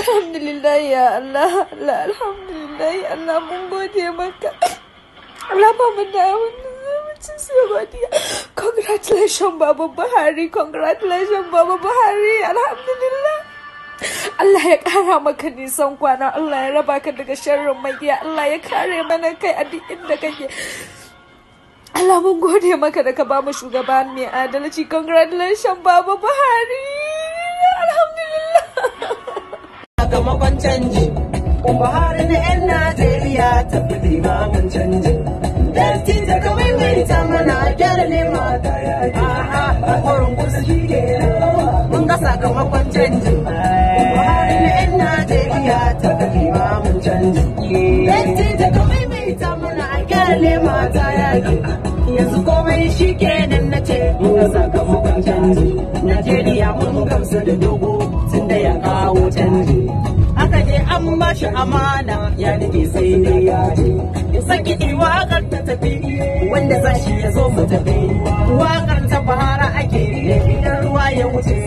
alhamdulillah ya Allah Allah alhamdulillah ya Allah mun gode maka Allah ba mu da wani zumuncin sai godiya congratulations baba Buhari congratulations baba Buhari alhamdulillah Allah ya kara maka nisan kwana Allah ya raba ka daga sharrin magiya Allah ya kare mana kai a duk inda kake Allah mun gode maka da ka ba mu shugaba mai adalci congratulations baba Buhari alhamdulillah sakamakon canji buhari na 'yan najeriya tafi limamin canji dasti ta kawai ta mana gyara ne mata a kwarin kusa shi ke mun ga sakamakon canji yanzu komai shi ke na mun sakamakon canji najeriya mun gamsa da dogo tun da ya kawo canji kuma shi amana ya nufi sai da yaji ya saki ni wakar ta tafi wanda za shi ya zo mu tafi wakar ta bahara ake idan ruwa ya wuce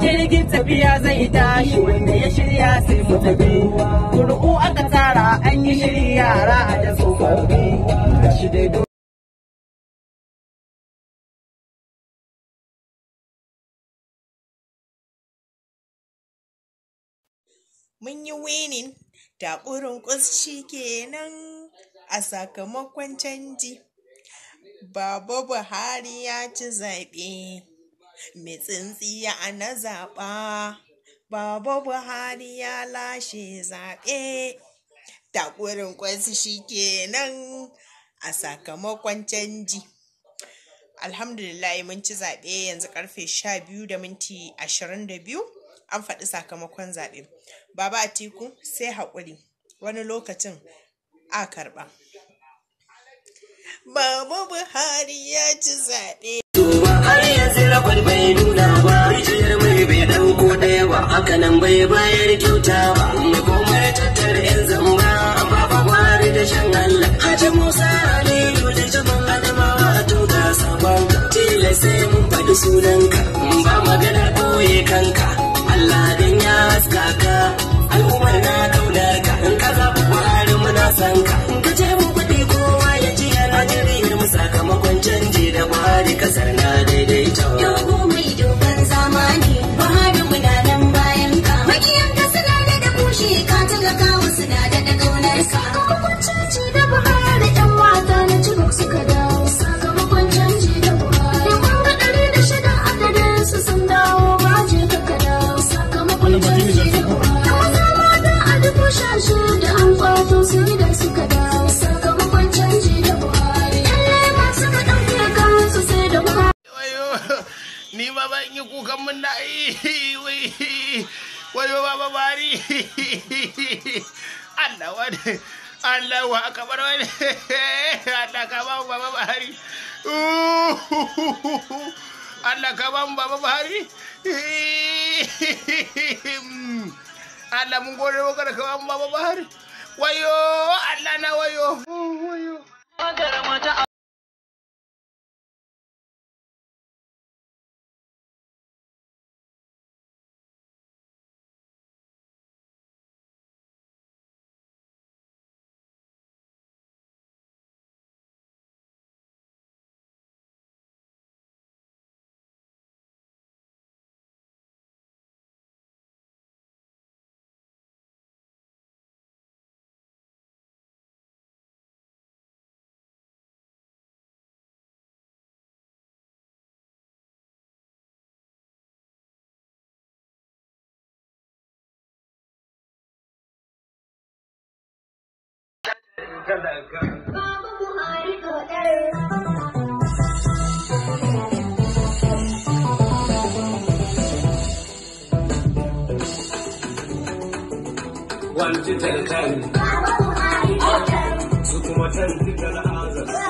jirgin tafiya zai tashi wanda ya shirya sai mu tafi kurku aka tara an yi shiri yara da tsofaffi mun yi winning taɓurin ƙusci kenan a sakamakon canji baba buhari ya ci zaɓe mai tsintsiya a na zaɓa baba buhari ya lashe zaɓe takurin kwansu shi kenan a sakamakon canji alhamdulillah mun ci zaɓe yanzu karfe 12 an faɗi sakamakon zaɓe baba atiku sai haƙuri wani lokacin a karɓa Baba Buhari ya ci zaɓe. Tuba har yanzu rabar bai nuna ba, mai bai ɗauko ɗaya ba, haka nan bai bayar kyauta ba, mai komai tattara 'yan zamba, baba Buhari da shan Allah. Haji Musa Aliyu da jaman Adamawa a tuta sabon, tilai sai mun faɗi ka. kasar na daidaita dogo mai dogon zamani bahari muna nan bayan ka makiyan kasar da kushe ka talaka wasu na da kaunar wallahi wayo baba bari Allah wani Allah wa akabar wani Allah ka ba bari Allah ka ba bari Allah mun ka ba bari wayo Allah na wayo wayo talaka. Baba Buhari kaɗai. wanti talkan su kuma tantikar azar